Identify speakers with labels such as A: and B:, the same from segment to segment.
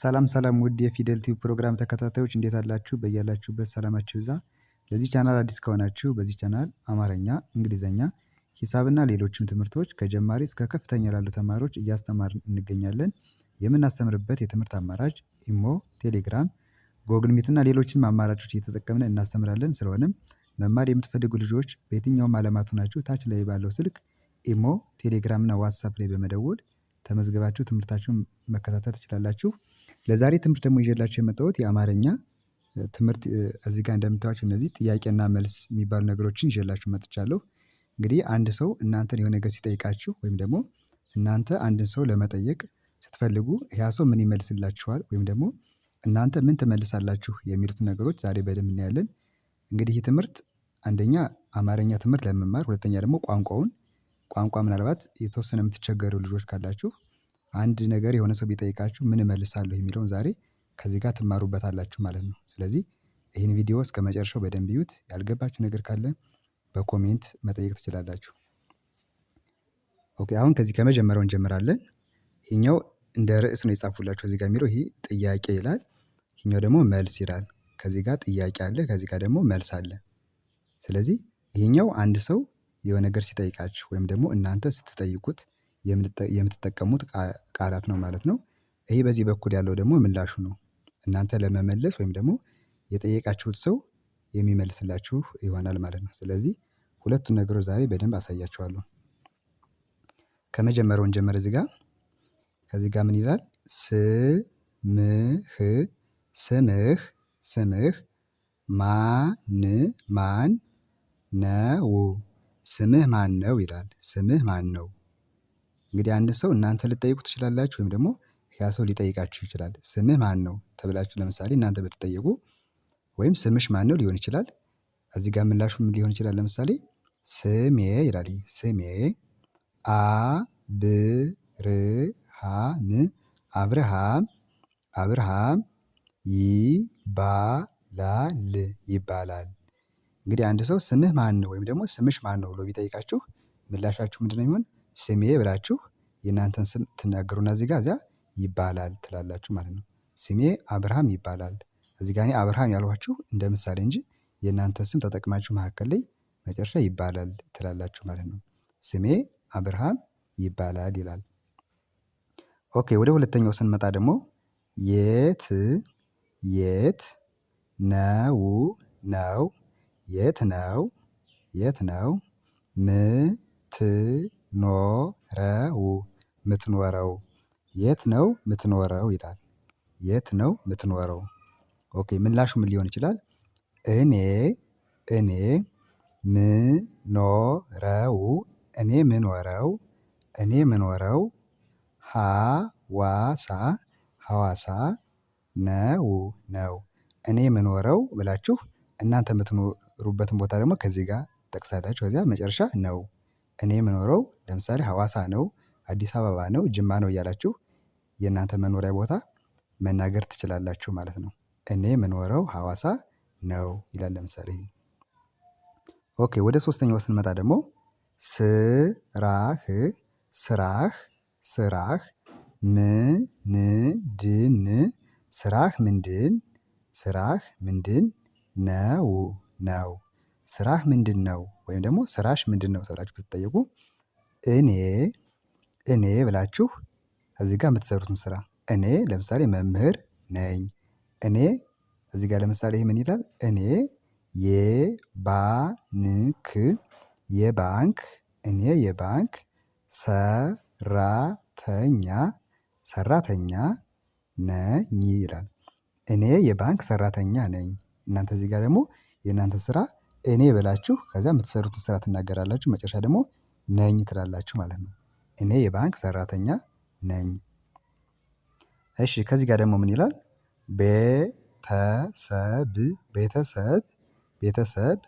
A: ሰላም ሰላም ውድ የፊደል ቲዩብ ፕሮግራም ተከታታዮች እንዴት አላችሁ? በያላችሁበት ሰላማችሁ ይብዛ። ለዚህ ቻናል አዲስ ከሆናችሁ በዚህ ቻናል አማርኛ፣ እንግሊዝኛ፣ ሂሳብና ሌሎችም ትምህርቶች ከጀማሪ እስከ ከፍተኛ ላሉ ተማሪዎች እያስተማር እንገኛለን። የምናስተምርበት የትምህርት አማራጭ ኢሞ፣ ቴሌግራም፣ ጎግል ሚትና ሌሎችንም አማራጮች እየተጠቀምን እናስተምራለን። ስለሆነም መማር የምትፈልጉ ልጆች በየትኛውም አለማቱ ናችሁ ታች ላይ ባለው ስልክ ኢሞ፣ ቴሌግራምና ዋትሳፕ ላይ በመደወል ተመዝግባችሁ ትምህርታችሁን መከታተል ትችላላችሁ። ለዛሬ ትምህርት ደግሞ ይዤላችሁ የመጣሁት የአማርኛ ትምህርት እዚህ ጋር እንደምታዩቸው እነዚህ ጥያቄና መልስ የሚባሉ ነገሮችን ይዤላችሁ መጥቻለሁ። እንግዲህ አንድ ሰው እናንተን የሆነ ነገር ሲጠይቃችሁ ወይም ደግሞ እናንተ አንድን ሰው ለመጠየቅ ስትፈልጉ ያ ሰው ምን ይመልስላችኋል ወይም ደግሞ እናንተ ምን ትመልሳላችሁ የሚሉትን ነገሮች ዛሬ በደንብ እናያለን። እንግዲህ ይህ ትምህርት አንደኛ አማርኛ ትምህርት ለመማር፣ ሁለተኛ ደግሞ ቋንቋውን ቋንቋ ምናልባት የተወሰነ የምትቸገሩ ልጆች ካላችሁ አንድ ነገር የሆነ ሰው ቢጠይቃችሁ ምን እመልሳለሁ የሚለውን ዛሬ ከዚህ ጋር ትማሩበታላችሁ ማለት ነው። ስለዚህ ይህን ቪዲዮ መጨረሻው በደንብ ይዩት። ያልገባችሁ ነገር ካለ በኮሜንት መጠየቅ ትችላላችሁ። ኦኬ አሁን ከዚህ ከመጀመሪያው እንጀምራለን። ይህኛው እንደ ርዕስ ነው የጻፉላችሁ እዚህ ጋር የሚለው ይሄ ጥያቄ ይላል። ይሄኛው ደግሞ መልስ ይላል። ከዚህ ጋር ጥያቄ አለ፣ ከዚህ ጋር ደግሞ መልስ አለ። ስለዚህ ይሄኛው አንድ ሰው የሆነ ነገር ሲጠይቃችሁ ወይም ደግሞ እናንተ ስትጠይቁት የምትጠቀሙት ቃላት ነው ማለት ነው። ይሄ በዚህ በኩል ያለው ደግሞ ምላሹ ነው። እናንተ ለመመለስ ወይም ደግሞ የጠየቃችሁት ሰው የሚመልስላችሁ ይሆናል ማለት ነው። ስለዚህ ሁለቱን ነገሮች ዛሬ በደንብ አሳያችኋለሁ። ከመጀመሪያው እንጀምር እዚህ ጋር ከዚህ ጋር ምን ይላል? ስምህ ስምህ ስምህ ማን ማን ነው? ስምህ ነው ይላል ስምህ ነው? እንግዲህ አንድ ሰው እናንተ ልትጠይቁ ትችላላችሁ ወይም ደግሞ ያ ሰው ሊጠይቃችሁ ይችላል። ስምህ ነው ተብላችሁ ለምሳሌ እናንተ ብትጠየቁ ወይም ስምሽ ማነው ሊሆን ይችላል። እዚህ ጋር ምላሹ ምን ሊሆን ይችላል? ለምሳሌ ስሜ ይላል ስሜ አብርሃም አብርሃም አብርሃም ይባላል ይባላል። እንግዲህ አንድ ሰው ስምህ ነው ወይም ደግሞ ስምሽ ነው ብሎ ቢጠይቃችሁ ምላሻችሁ ምንድነው የሚሆን? ስሜ ብላችሁ የእናንተን ስም ትናገሩና እዚህ ጋር እዚያ ይባላል ትላላችሁ ማለት ነው። ስሜ አብርሃም ይባላል እዚህ ጋር እኔ አብርሃም ያልኋችሁ እንደ ምሳሌ እንጂ የእናንተ ስም ተጠቅማችሁ መካከል ላይ መጨረሻ ይባላል ትላላችሁ ማለት ነው። ስሜ አብርሃም ይባላል ይላል። ኦኬ ወደ ሁለተኛው ስንመጣ ደግሞ የት የት ነው ነው የት ነው የት ነው ምትኖረው የምትኖረው? የት ነው ምትኖረው ይላል? የት ነው ምትኖረው ኦኬ ምላሹ ምን ሊሆን ይችላል? እኔ እኔ ምኖረው እኔ ምኖረው እኔ ምኖረው ሀዋሳ ሀዋሳ ነው ነው እኔ ምኖረው ብላችሁ እናንተ የምትኖሩበትን ቦታ ደግሞ ከዚህ ጋር ጠቅሳላችሁ ከዚያ መጨረሻ ነው። እኔ ምኖረው ለምሳሌ ሀዋሳ ነው አዲስ አበባ ነው ጅማ ነው እያላችሁ የእናንተ መኖሪያ ቦታ መናገር ትችላላችሁ ማለት ነው። እኔ የምኖረው ሀዋሳ ነው ይላል ለምሳሌ ኦኬ ወደ ሶስተኛው ስንመጣ ደግሞ ስራህ ስራህ ስራህ ምንድን ስራህ ምንድን ስራህ ምንድን ነው ነው ስራህ ምንድን ነው ወይም ደግሞ ስራሽ ምንድን ነው ተብላችሁ ብትጠየቁ እኔ እኔ ብላችሁ እዚህ ጋር የምትሰሩትን ስራ እኔ ለምሳሌ መምህር ነኝ። እኔ እዚህ ጋር ለምሳሌ ምን ይላል? እኔ የባንክ የባንክ እኔ የባንክ ሰራተኛ ሰራተኛ ነኝ ይላል። እኔ የባንክ ሰራተኛ ነኝ። እናንተ እዚህ ጋር ደግሞ የእናንተ ስራ እኔ ብላችሁ ከዚያ የምትሰሩትን ስራ ትናገራላችሁ። መጨረሻ ደግሞ ነኝ ትላላችሁ ማለት ነው እኔ የባንክ ሰራተኛ ነኝ። እሺ ከዚህ ጋር ደግሞ ምን ይላል? ቤተሰብ ቤተሰብ ቤተሰብ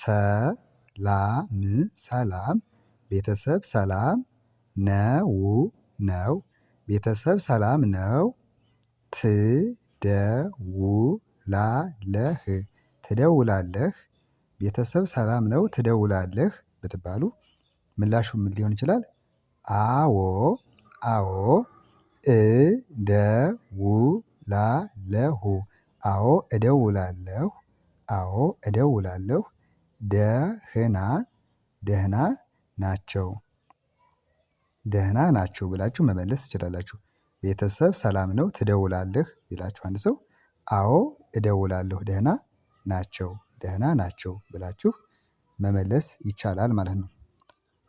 A: ሰላም ሰላም ቤተሰብ ሰላም ነው ነው ቤተሰብ ሰላም ነው። ትደውላለህ ትደውላለህ ቤተሰብ ሰላም ነው ትደውላለህ ብትባሉ ምላሹ ምን ሊሆን ይችላል? አዎ አዎ እደውላለሁ አዎ እደውላለሁ አዎ እደውላለሁ ደህና ደህና ናቸው። ደህና ናቸው ብላችሁ መመለስ ትችላላችሁ። ቤተሰብ ሰላም ነው ትደውላለህ ቢላችሁ አንድ ሰው አዎ እደውላለሁ ደህና ናቸው ደህና ናቸው ብላችሁ መመለስ ይቻላል ማለት ነው።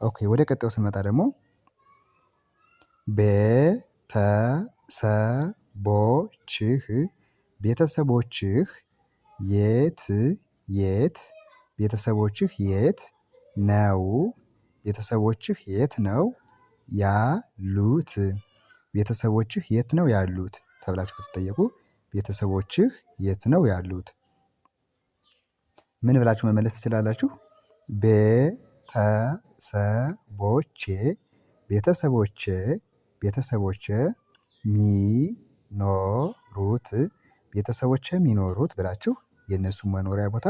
A: ኦኬ ወደ ቀጣዩ ስንመጣ ደግሞ ቤተሰቦችህ ቤተሰቦችህ የት የት ቤተሰቦችህ የት ነው ቤተሰቦችህ የት ነው ያሉት ቤተሰቦችህ የት ነው ያሉት ተብላችሁ ከተጠየቁ ቤተሰቦችህ የት ነው ያሉት? ምን ብላችሁ መመለስ ትችላላችሁ? ቤተሰቦቼ ቤተሰቦቼ ቤተሰቦች ሚኖሩት ቤተሰቦች የሚኖሩት ብላችሁ የእነሱን መኖሪያ ቦታ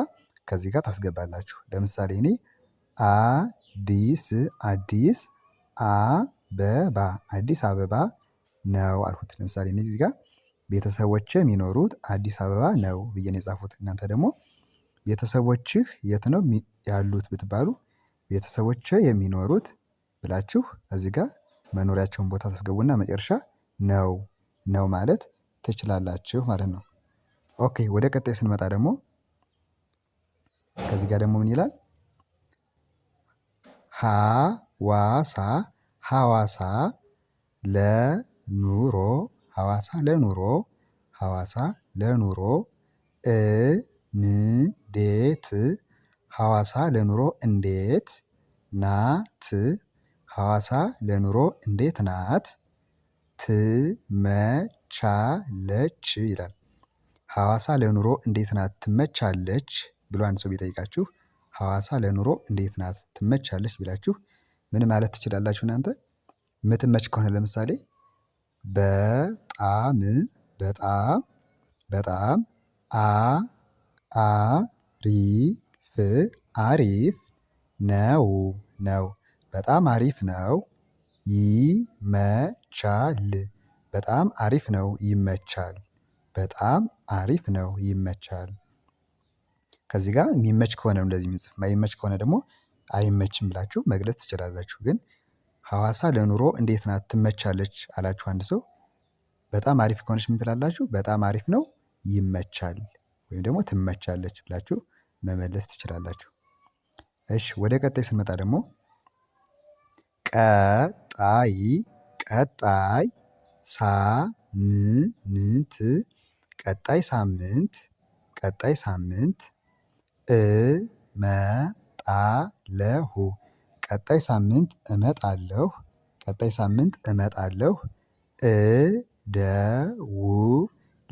A: ከዚህ ጋር ታስገባላችሁ። ለምሳሌ እኔ አዲስ አዲስ አበባ አዲስ አበባ ነው አልኩት። ለምሳሌ እኔ እዚህ ጋር ቤተሰቦች የሚኖሩት አዲስ አበባ ነው ብዬ ነው የጻፉት። እናንተ ደግሞ ቤተሰቦችህ የት ነው ያሉት ብትባሉ ቤተሰቦች የሚኖሩት ብላችሁ እዚህ ጋር መኖሪያቸውን ቦታ ታስገቡና መጨረሻ ነው ነው ማለት ትችላላችሁ ማለት ነው። ኦኬ ወደ ቀጣይ ስንመጣ ደግሞ ከዚህ ጋር ደግሞ ምን ይላል? ሀዋሳ ሀዋሳ ለኑሮ ሀዋሳ ለኑሮ ሀዋሳ ለኑሮ እንዴት ሀዋሳ ለኑሮ እንዴት ናት ሐዋሳ ለኑሮ እንዴት ናት? ትመቻለች ይላል። ሐዋሳ ለኑሮ እንዴት ናት ትመቻለች ብሎ አንድ ሰው ቢጠይቃችሁ ሐዋሳ ለኑሮ እንዴት ናት ትመቻለች ቢላችሁ ምን ማለት ትችላላችሁ እናንተ? የምትመች ከሆነ ለምሳሌ በጣም በጣም በጣም አ አሪፍ አሪፍ ነው ነው በጣም አሪፍ ነው። ይመቻል በጣም አሪፍ ነው ይመቻል በጣም አሪፍ ነው ይመቻል። ከዚህ ጋር የሚመች ከሆነ እንደዚህ የምንጽፍ የማይመች ከሆነ ደግሞ አይመችም ብላችሁ መግለጽ ትችላላችሁ። ግን ሀዋሳ ለኑሮ እንዴት ናት ትመቻለች አላችሁ አንድ ሰው በጣም አሪፍ ከሆነች ምን ትላላችሁ? በጣም አሪፍ ነው ይመቻል ወይም ደግሞ ትመቻለች ብላችሁ መመለስ ትችላላችሁ። እሺ ወደ ቀጣይ ስንመጣ ደግሞ ቀጣይ ቀጣይ ሳምንት ቀጣይ ሳምንት ቀጣይ ሳምንት እመጣለሁ ቀጣይ ሳምንት እመጣለሁ ቀጣይ ሳምንት እመጣለሁ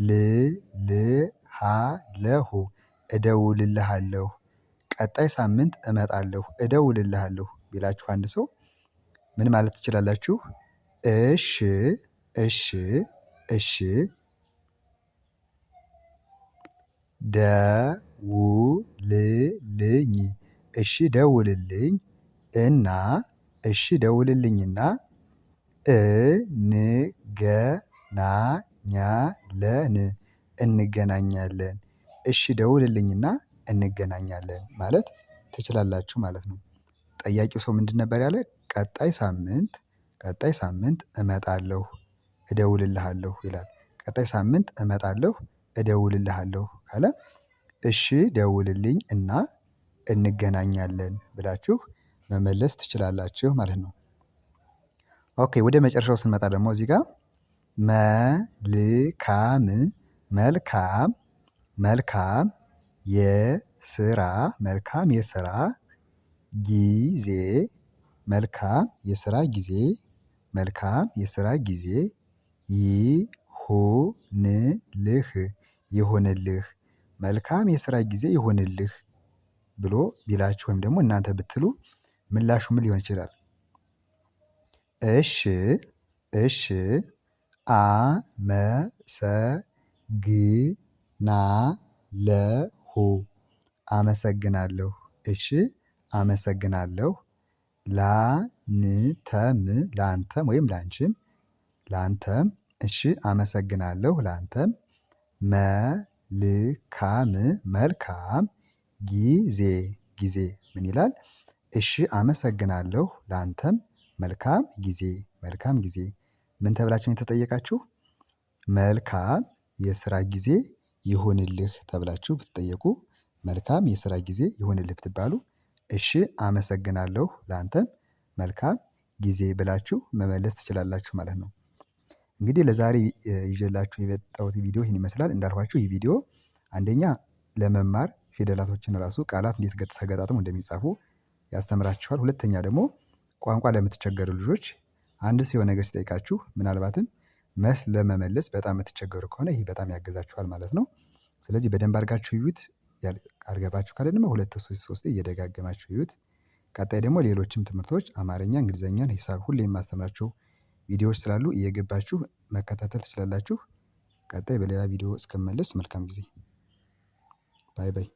A: እደውልልሃለሁ እደውልልሃለሁ ቀጣይ ሳምንት እመጣለሁ እደውልልሃለሁ ቢላችሁ አንድ ሰው ምን ማለት ትችላላችሁ? እሺ እሺ እሺ ደውልልኝ እሺ ደውልልኝ እና እሺ ደውልልኝና እንገናኛለን እንገናኛለን እሺ ደውልልኝና እንገናኛለን ማለት ትችላላችሁ ማለት ነው። ጠያቂው ሰው ምንድን ነበር ያለ ቀጣይ ሳምንት ቀጣይ ሳምንት እመጣለሁ እደውልልሃለሁ ይላል ቀጣይ ሳምንት እመጣለሁ እደውልልሃለሁ ካለ እሺ ደውልልኝ እና እንገናኛለን ብላችሁ መመለስ ትችላላችሁ ማለት ነው። ኦኬ ወደ መጨረሻው ስንመጣ ደግሞ እዚህ ጋር መልካም መልካም መልካም የስራ መልካም የስራ ጊዜ መልካም የስራ ጊዜ መልካም የስራ ጊዜ ይሁንልህ ይሁንልህ መልካም የስራ ጊዜ ይሁንልህ ብሎ ቢላችሁ ወይም ደግሞ እናንተ ብትሉ ምላሹ ምን ሊሆን ይችላል? እሺ እሺ አመሰግናለሁ አመሰግናለሁ እሺ አመሰግናለሁ ላንተም ላንተም ወይም ላንቺም ላንተም እሺ አመሰግናለሁ ላንተም መልካም መልካም ጊዜ ጊዜ ምን ይላል? እሺ አመሰግናለሁ ላንተም መልካም ጊዜ መልካም ጊዜ ምን ተብላችሁ ነው የተጠየቃችሁ? መልካም የስራ ጊዜ ይሁንልህ ተብላችሁ ብትጠየቁ መልካም የስራ ጊዜ ይሁንልህ ብትባሉ እሺ አመሰግናለሁ ላንተም መልካም ጊዜ ብላችሁ መመለስ ትችላላችሁ ማለት ነው። እንግዲህ ለዛሬ ይዤላችሁ የመጣሁት ቪዲዮ ይህን ይመስላል እንዳልኳችሁ ይህ ቪዲዮ አንደኛ ለመማር ፊደላቶችን ራሱ ቃላት እንዴት ተገጣጥሞ እንደሚጻፉ ያስተምራችኋል። ሁለተኛ ደግሞ ቋንቋ ለምትቸገሩ ልጆች አንድ ሰው የሆነ ነገር ሲጠይቃችሁ ምናልባትም መስ ለመመለስ በጣም የምትቸገሩ ከሆነ ይህ በጣም ያገዛችኋል ማለት ነው። ስለዚህ በደንብ አድርጋችሁ ይዩት። ካልገባችሁ ካለ ደግሞ ሁለት ሶስት ሶስት እየደጋገማችሁ ይዩት። ቀጣይ ደግሞ ሌሎችም ትምህርቶች አማርኛ፣ እንግሊዝኛን፣ ሂሳብ ሁሌ የማስተምራችሁ ቪዲዮዎች ስላሉ እየገባችሁ መከታተል ትችላላችሁ። ቀጣይ በሌላ ቪዲዮ እስከመለስ መልካም ጊዜ። ባይ ባይ።